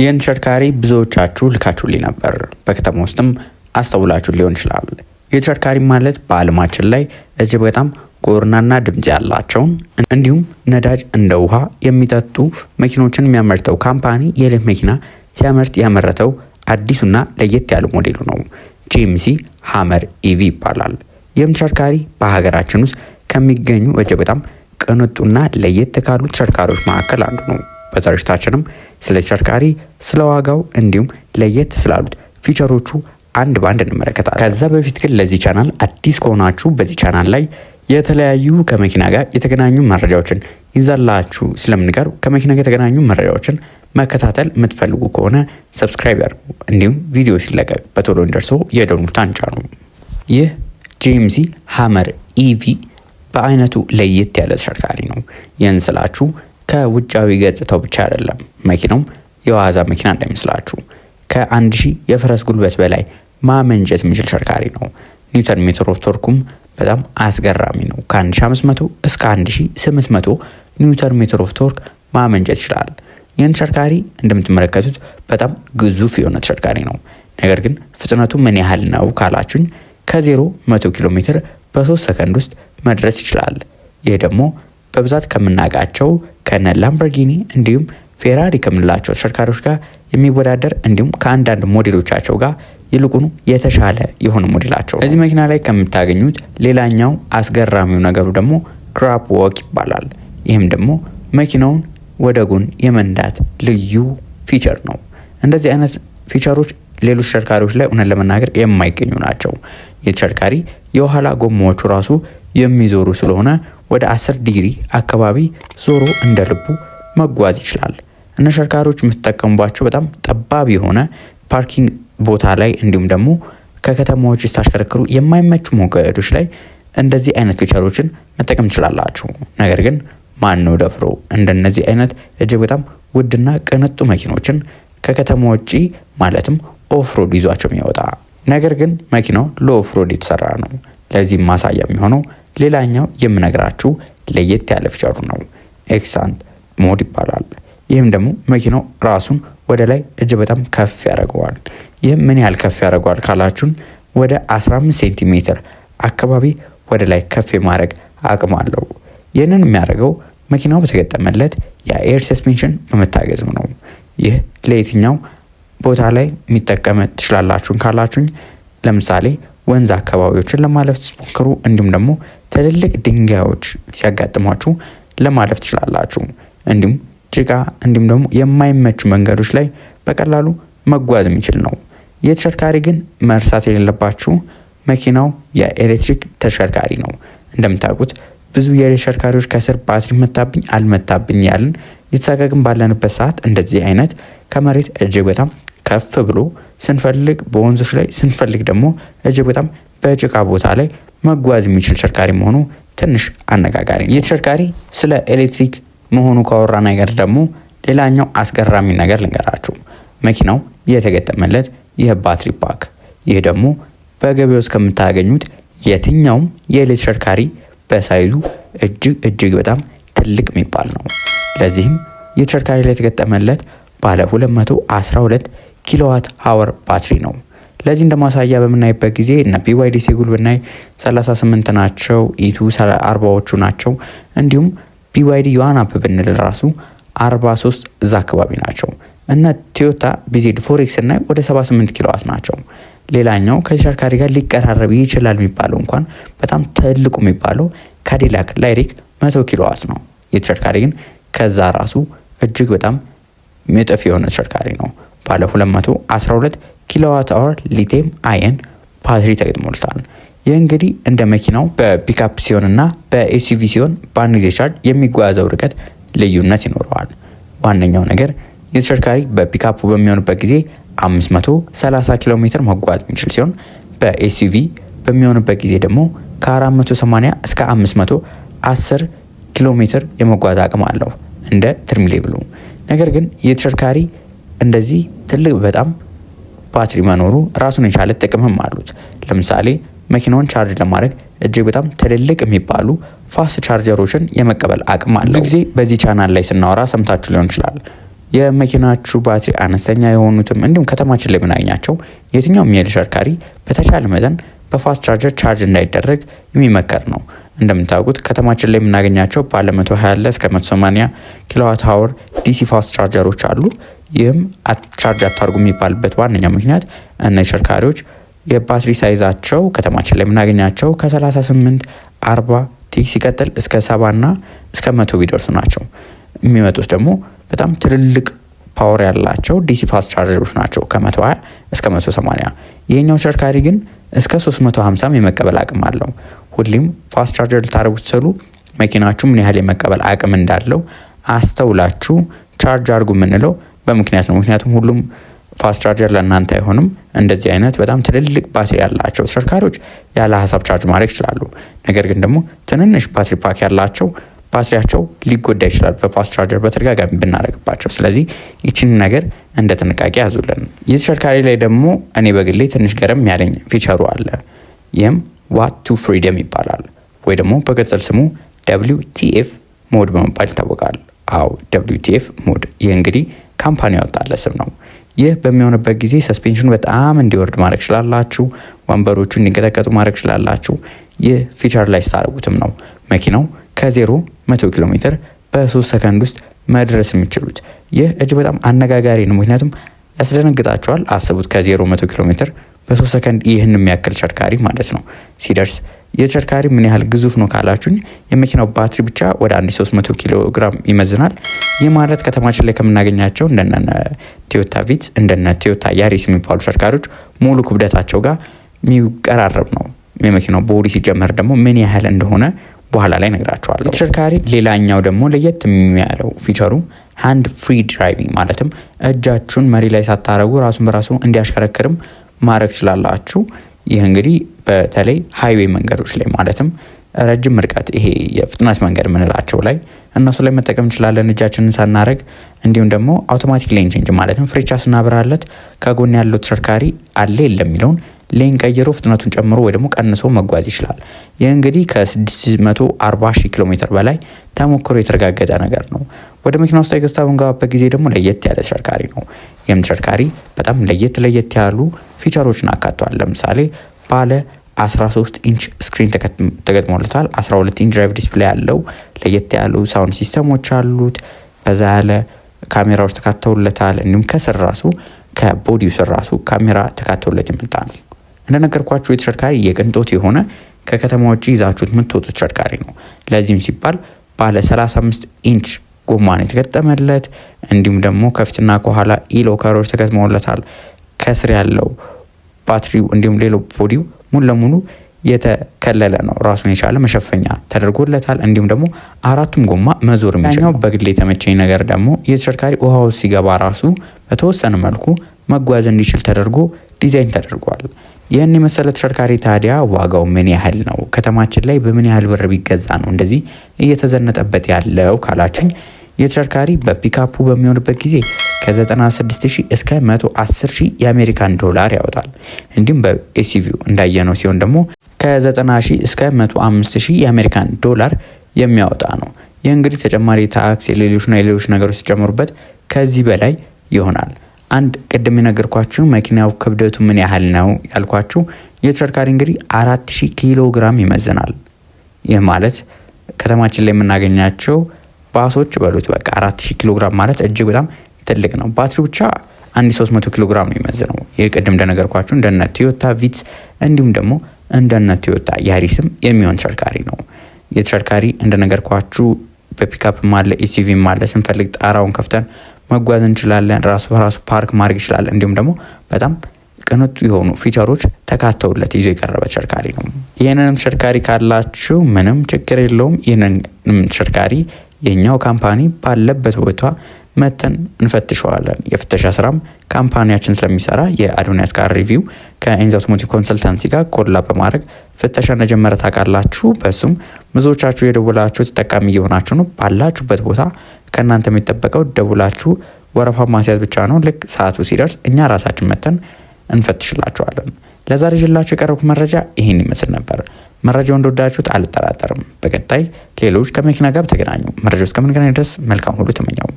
ይህን ተሽከርካሪ ብዙዎቻችሁ ልካችሁልኝ ነበር። በከተማ ውስጥም አስተውላችሁ ሊሆን ይችላል። ይህ ተሽከርካሪ ማለት በዓለማችን ላይ እጅግ በጣም ጎርናና ድምፅ ያላቸውን እንዲሁም ነዳጅ እንደ ውሃ የሚጠጡ መኪኖችን የሚያመርተው ካምፓኒ የሌት መኪና ሲያመርት ያመረተው አዲሱና ለየት ያሉ ሞዴሉ ነው። ጂኤምሲ ሀመር ኢቪ ይባላል። ይህም ተሽከርካሪ በሀገራችን ውስጥ ከሚገኙ እጅግ በጣም ቅንጡና ለየት ካሉ ተሽከርካሪዎች መካከል አንዱ ነው። በዝግጅታችንም ስለ ተሽከርካሪ፣ ስለ ዋጋው እንዲሁም ለየት ስላሉት ፊቸሮቹ አንድ በአንድ እንመለከታለን። ከዛ በፊት ግን ለዚህ ቻናል አዲስ ከሆናችሁ በዚህ ቻናል ላይ የተለያዩ ከመኪና ጋር የተገናኙ መረጃዎችን ይዛላችሁ ስለምንቀርብ ከመኪና ጋር የተገናኙ መረጃዎችን መከታተል የምትፈልጉ ከሆነ ሰብስክራይብ ያድርጉ። እንዲሁም ቪዲዮ ሲለቀቅ በቶሎ እንደርሶ የደውሉታን ጫኑ። ይህ ጄምሲ ሀመር ኢቪ በአይነቱ ለየት ያለ ተሽከርካሪ ነው። ይህን ስላችሁ ከውጫዊ ገጽታው ብቻ አይደለም። መኪናውም የዋዛ መኪና እንዳይመስላችሁ ከአንድ ሺህ የፈረስ ጉልበት በላይ ማመንጨት የሚችል ተሽከርካሪ ነው። ኒውተን ሜትር ኦፍ ቶርኩም በጣም አስገራሚ ነው። ከ1500 እስከ 1800 ኒውተን ሜትር ኦፍ ቶርክ ማመንጨት ይችላል። ይህን ተሽከርካሪ እንደምትመለከቱት በጣም ግዙፍ የሆነ ተሽከርካሪ ነው። ነገር ግን ፍጥነቱ ምን ያህል ነው ካላችሁኝ ከዜሮ 100 ኪሎ ሜትር በ3 ሰከንድ ውስጥ መድረስ ይችላል። ይህ ደግሞ በብዛት ከምናውቃቸው ከነ ላምበርጊኒ እንዲሁም ፌራሪ ከምንላቸው ተሽከርካሪዎች ጋር የሚወዳደር እንዲሁም ከአንዳንድ ሞዴሎቻቸው ጋር ይልቁኑ የተሻለ የሆነ ሞዴላቸው። እዚህ መኪና ላይ ከምታገኙት ሌላኛው አስገራሚው ነገሩ ደግሞ ክራፕ ወክ ይባላል። ይህም ደግሞ መኪናውን ወደ ጎን የመንዳት ልዩ ፊቸር ነው። እንደዚህ አይነት ፊቸሮች ሌሎች ተሽከርካሪዎች ላይ እውነት ለመናገር የማይገኙ ናቸው። የተሽከርካሪ የኋላ ጎማዎቹ ራሱ የሚዞሩ ስለሆነ ወደ 10 ዲግሪ አካባቢ ዞሮ እንደ ልቡ መጓዝ ይችላል። እነ የምትጠቀሙባቸው በጣም ጠባብ የሆነ ፓርኪንግ ቦታ ላይ እንዲሁም ደግሞ ከከተማዎች ስታሽከረክሩ የማይመቹ ሞገዶች ላይ እንደዚህ አይነት ፊቸሮችን መጠቀም ትችላላችሁ። ነገር ግን ማን ነው ደፍሮ እንደነዚህ አይነት እጅግ በጣም ውድና ቅንጡ መኪኖችን ከከተማ ውጪ ማለትም ኦፍሮድ ይዟቸው የሚወጣ ነገር ግን መኪናው ለኦፍሮድ የተሰራ ነው። ለዚህም ማሳያ የሚሆነው ሌላኛው የምነግራችሁ ለየት ያለ ፊቸሩ ነው። ኤክሳንት ሞድ ይባላል። ይህም ደግሞ መኪናው ራሱን ወደ ላይ እጅ በጣም ከፍ ያደርገዋል። ይህም ምን ያህል ከፍ ያደርገዋል ካላችሁን ወደ 15 ሴንቲሜትር አካባቢ ወደ ላይ ከፍ የማድረግ አቅም አለው። ይህንን የሚያደርገው መኪናው በተገጠመለት የኤር ሰስፔንሽን በመታገዝም ነው። ይህ ለየትኛው ቦታ ላይ የሚጠቀም ትችላላችሁን ካላችሁኝ ለምሳሌ ወንዝ አካባቢዎችን ለማለፍ ስትሞክሩ እንዲሁም ደግሞ ትልልቅ ድንጋዮች ሲያጋጥሟችሁ ለማለፍ ትችላላችሁ። እንዲሁም ጭቃ እንዲሁም ደግሞ የማይመቹ መንገዶች ላይ በቀላሉ መጓዝ የሚችል ነው። ይህ ተሽከርካሪ ግን መርሳት የሌለባችሁ መኪናው የኤሌክትሪክ ተሽከርካሪ ነው። እንደምታውቁት ብዙ የተሽከርካሪዎች ከስር ባትሪ መታብኝ አልመታብኝ ያልን የተሳጋግን ባለንበት ሰዓት እንደዚህ አይነት ከመሬት እጅግ በጣም ከፍ ብሎ ስንፈልግ በወንዞች ላይ ስንፈልግ ደግሞ እጅግ በጣም በጭቃ ቦታ ላይ መጓዝ የሚችል ተሽከርካሪ መሆኑ ትንሽ አነጋጋሪ ነው። ይህ ተሽከርካሪ ስለ ኤሌክትሪክ መሆኑ ካወራ ነገር ደግሞ ሌላኛው አስገራሚ ነገር ልንገራችሁ። መኪናው የተገጠመለት ይህ ባትሪ ፓክ፣ ይህ ደግሞ በገበያ ውስጥ ከምታገኙት የትኛውም የኤሌክትሪክ ተሽከርካሪ በሳይዙ እጅግ እጅግ በጣም ትልቅ የሚባል ነው። ለዚህም የተሽከርካሪ ላይ የተገጠመለት ባለ 212 ኪሎዋት አወር ባትሪ ነው። ለዚህ እንደ ማሳያ በምናይበት ጊዜ እነ ቢዋይዲ ሴጉል ብናይ 38 ናቸው፣ ኢቱ 40ዎቹ ናቸው። እንዲሁም ቢዋይዲ ዮሐን አፕ ብንል ራሱ 43 እዛ አካባቢ ናቸው። እነ ቶዮታ ቢዜድ ፎሬክስ ስናይ ወደ 78 ኪሎዋት ናቸው። ሌላኛው ከተሽከርካሪ ጋር ሊቀራረብ ይችላል የሚባለው እንኳን በጣም ትልቁ የሚባለው ካዲላክ ላይሪክ 100 ኪሎዋት ነው። የተሽከርካሪ ግን ከዛ ራሱ እጅግ በጣም ምጥፍ የሆነ ተሽከርካሪ ነው። ባለ 212 ኪሎዋት አወር ሊቲየም አየን ባትሪ ተገጥሞልታል። ይህ እንግዲህ እንደ መኪናው በፒካፕ ሲሆንና በኤስዩቪ ሲሆን በአንድ ጊዜ ቻርጅ የሚጓዘው ርቀት ልዩነት ይኖረዋል። ዋነኛው ነገር የተሽከርካሪ በፒካፑ በሚሆንበት ጊዜ 530 ኪሎ ሜትር መጓዝ የሚችል ሲሆን በኤስዩቪ በሚሆንበት ጊዜ ደግሞ ከ480 እስከ 510 ኪሎ ሜትር የመጓዝ አቅም አለው እንደ ትሪም ሌብሉ። ነገር ግን የተሽከርካሪ እንደዚህ ትልቅ በጣም ባትሪ መኖሩ ራሱን የቻለ ጥቅምም አሉት። ለምሳሌ መኪናውን ቻርጅ ለማድረግ እጅግ በጣም ትልልቅ የሚባሉ ፋስት ቻርጀሮችን የመቀበል አቅም አለው። ጊዜ በዚህ ቻናል ላይ ስናወራ ሰምታችሁ ሊሆን ይችላል። የመኪናችሁ ባትሪ አነስተኛ የሆኑትም እንዲሁም ከተማችን ላይ የምናገኛቸው የትኛውም የተሽከርካሪ በተቻለ መጠን በፋስት ቻርጀር ቻርጅ እንዳይደረግ የሚመከር ነው። እንደምታውቁት ከተማችን ላይ የምናገኛቸው ባለ 120 እስከ 180 ኪሎዋት ሀወር ዲሲ ፋስት ቻርጀሮች አሉ። ይህም ቻርጅ አታርጉ የሚባልበት ዋነኛው ምክንያት እነዚህ ተሽከርካሪዎች የባትሪ ሳይዛቸው ከተማችን ላይ የምናገኛቸው ከ38 40 ቲ ሲቀጥል እስከ ሰባ ና እስከ 100 ቢደርሱ ናቸው። የሚመጡት ደግሞ በጣም ትልልቅ ፓወር ያላቸው ዲሲ ፋስት ቻርጀሮች ናቸው ከ120 እስከ 180። ይህኛው ተሽከርካሪ ግን እስከ 350 የመቀበል አቅም አለው። ሁሌም ፋስት ቻርጀር ልታደርጉ ስትሉ መኪናችሁ ምን ያህል የመቀበል አቅም እንዳለው አስተውላችሁ ቻርጅ አድርጉ የምንለው በምክንያት ነው። ምክንያቱም ሁሉም ፋስት ቻርጀር ለእናንተ አይሆንም። እንደዚህ አይነት በጣም ትልልቅ ባትሪ ያላቸው ተሽከርካሪዎች ያለ ሀሳብ ቻርጅ ማድረግ ይችላሉ። ነገር ግን ደግሞ ትንንሽ ባትሪ ፓክ ያላቸው ባትሪያቸው ሊጎዳ ይችላል በፋስት ቻርጀር በተደጋጋሚ ብናደርግባቸው። ስለዚህ ይችን ነገር እንደ ጥንቃቄ ያዙልን። ይህ ተሽከርካሪ ላይ ደግሞ እኔ በግሌ ትንሽ ገረም ያለኝ ፊቸሩ አለ። ይህም ዋት ቱ ፍሪደም ይባላል ወይ ደግሞ በቅጽል ስሙ ደብሊው ቲኤፍ ሞድ በመባል ይታወቃል። አው ደብሊዩቲኤፍ ሙድ ይህ እንግዲህ ካምፓኒ ያወጣለ ስም ነው። ይህ በሚሆንበት ጊዜ ሰስፔንሽኑ በጣም እንዲወርድ ማድረግ ችላላችሁ። ወንበሮቹ እንዲንቀጠቀጡ ማድረግ ችላላችሁ። ይህ ፊቸር ላይ ስታደርጉትም ነው መኪናው ከዜሮ መቶ ኪሎ ሜትር በሶስት ሰከንድ ውስጥ መድረስ የሚችሉት። ይህ እጅ በጣም አነጋጋሪ ነው፣ ምክንያቱም ያስደነግጣቸዋል። አስቡት ከዜሮ መቶ ኪሎ ሜትር በሶስት ሰከንድ ይህን የሚያክል ቸርካሪ ማለት ነው ሲደርስ የተሽከርካሪ ምን ያህል ግዙፍ ነው ካላችሁኝ የመኪናው ባትሪ ብቻ ወደ 1300 ኪሎ ግራም ይመዝናል። ይህ ማለት ከተማችን ላይ ከምናገኛቸው እንደነ ቶዮታ ቪትስ፣ እንደነ ቶዮታ ያሪስ የሚባሉ ተሽከርካሪዎች ሙሉ ክብደታቸው ጋር የሚቀራረብ ነው። የመኪናው ቦዲ ሲጀመር ደግሞ ምን ያህል እንደሆነ በኋላ ላይ ነግራቸዋለሁ። ተሽከርካሪ ሌላኛው ደግሞ ለየት የሚያለው ፊቸሩ ሃንድ ፍሪ ድራይቪንግ ማለትም እጃችሁን መሪ ላይ ሳታረጉ ራሱን በራሱ እንዲያሽከረክርም ማድረግ ትችላላችሁ። ይህ እንግዲህ በተለይ ሀይዌይ መንገዶች ላይ ማለትም ረጅም ርቀት ይሄ የፍጥነት መንገድ የምንላቸው ላይ እነሱ ላይ መጠቀም እንችላለን እጃችንን ሳናረግ። እንዲሁም ደግሞ አውቶማቲክ ሌን ቼንጅ ማለትም ፍሬቻ ስናብራለት ከጎን ያለው ተሽከርካሪ አለ የለም የሚለውን ሌን ቀይሮ ፍጥነቱን ጨምሮ ወይ ደግሞ ቀንሶ መጓዝ ይችላል። ይህ እንግዲህ ከ640 ኪሎ ሜትር በላይ ተሞክሮ የተረጋገጠ ነገር ነው። ወደ መኪና ውስጥ ገዝታ በምንገባበት ጊዜ ደግሞ ለየት ያለ ተሽከርካሪ ነው። ይህም ተሽከርካሪ በጣም ለየት ለየት ያሉ ፊቸሮችን አካቷል። ለምሳሌ ባለ 13 ኢንች ስክሪን ተገጥሞለታል። 12 ኢንች ድራይቭ ዲስፕሌይ ያለው ለየት ያሉ ሳውንድ ሲስተሞች አሉት። በዛ ያለ ካሜራዎች ተካተውለታል። እንዲሁም ከስር ራሱ ከቦዲው ስር ራሱ ካሜራ ተካተውለት የመጣ ነው። እንደነገርኳችሁ የተሽከርካሪ የቅንጦት የሆነ ከከተማ ውጭ ይዛችሁት የምትወጡ ተሽከርካሪ ነው። ለዚህም ሲባል ባለ 35 ኢንች ጎማን የተገጠመለት። እንዲሁም ደግሞ ከፊትና ከኋላ ኢሎከሮች ተገጥመውለታል። ከስር ያለው ባትሪው እንዲሁም ሌሎ ቦዲው ሙሉ ለሙሉ የተከለለ ነው። ራሱን የቻለ መሸፈኛ ተደርጎለታል። እንዲሁም ደግሞ አራቱም ጎማ መዞር የሚችለው። በግል የተመቸኝ ነገር ደግሞ የተሽከርካሪ ውሃ ውስጥ ሲገባ ራሱ በተወሰነ መልኩ መጓዝ እንዲችል ተደርጎ ዲዛይን ተደርጓል። ይህን የመሰለ ተሽከርካሪ ታዲያ ዋጋው ምን ያህል ነው? ከተማችን ላይ በምን ያህል ብር ቢገዛ ነው እንደዚህ እየተዘነጠበት ያለው ካላችሁኝ፣ የተሽከርካሪ በፒካፑ በሚሆንበት ጊዜ ከ96000 እስከ 110000 የአሜሪካን ዶላር ያወጣል። እንዲሁም በኤስዩቪው እንዳየነው ሲሆን ደግሞ ከ90000 እስከ 105000 የአሜሪካን ዶላር የሚያወጣ ነው። ይህ እንግዲህ ተጨማሪ ታክስ፣ የሌሎችና የሌሎች ነገሮች ሲጨምሩበት ከዚህ በላይ ይሆናል። አንድ ቅድም የነገርኳችሁ መኪናው ክብደቱ ምን ያህል ነው ያልኳችሁ የተሽከርካሪ እንግዲህ 4000 ኪሎ ግራም ይመዝናል። ይህ ማለት ከተማችን ላይ የምናገኛቸው ባሶች በሉት በቃ 4000 ኪሎ ግራም ማለት እጅግ በጣም ትልቅ ነው። ባትሪው ብቻ 1300 ኪሎ ግራም ነው የሚመዝነው። የቅድም እንደነገርኳችሁ እንደነ ቶዮታ ቪትስ እንዲሁም ደግሞ እንደነ ቶዮታ ያሪስም የሚሆን ተሽከርካሪ ነው። የተሽከርካሪ እንደነገርኳችሁ በፒካፕ ማለ ኤስዩቪም ማለ ስንፈልግ ጣራውን ከፍተን መጓዝ እንችላለን። ራሱ በራሱ ፓርክ ማድረግ ይችላል። እንዲሁም ደግሞ በጣም ቅንጡ የሆኑ ፊቸሮች ተካተውለት ይዞ የቀረበ ተሽከርካሪ ነው። ይህንንም ተሽከርካሪ ካላችሁ ምንም ችግር የለውም። ይህንንም ተሽከርካሪ የኛው ካምፓኒ ባለበት ቦታ መተን እንፈትሸዋለን። የፍተሻ ስራም ካምፓኒያችን ስለሚሰራ የአዶኒያስ ካር ሪቪው ከኤንዝ አውቶሞቲቭ ኮንሰልታንሲ ጋር ኮላ በማድረግ ፍተሻ እንደጀመረ ታውቃላችሁ። በሱም ብዙዎቻችሁ የደውላችሁ ተጠቃሚ እየሆናችሁ ነው። ባላችሁበት ቦታ ከእናንተ የሚጠበቀው ደውላችሁ ወረፋ ማስያዝ ብቻ ነው። ልክ ሰዓቱ ሲደርስ እኛ ራሳችን መተን እንፈትሽላችኋለን። ለዛሬ ይዤላችሁ የቀረብኩት መረጃ ይህን ይመስል ነበር። መረጃው እንደወዳችሁት አልጠራጠርም። በቀጣይ ሌሎች ከመኪና ጋር ተገናኙ መረጃ እስከምንገናኝ ድረስ መልካም ሁሉ ተመኘው።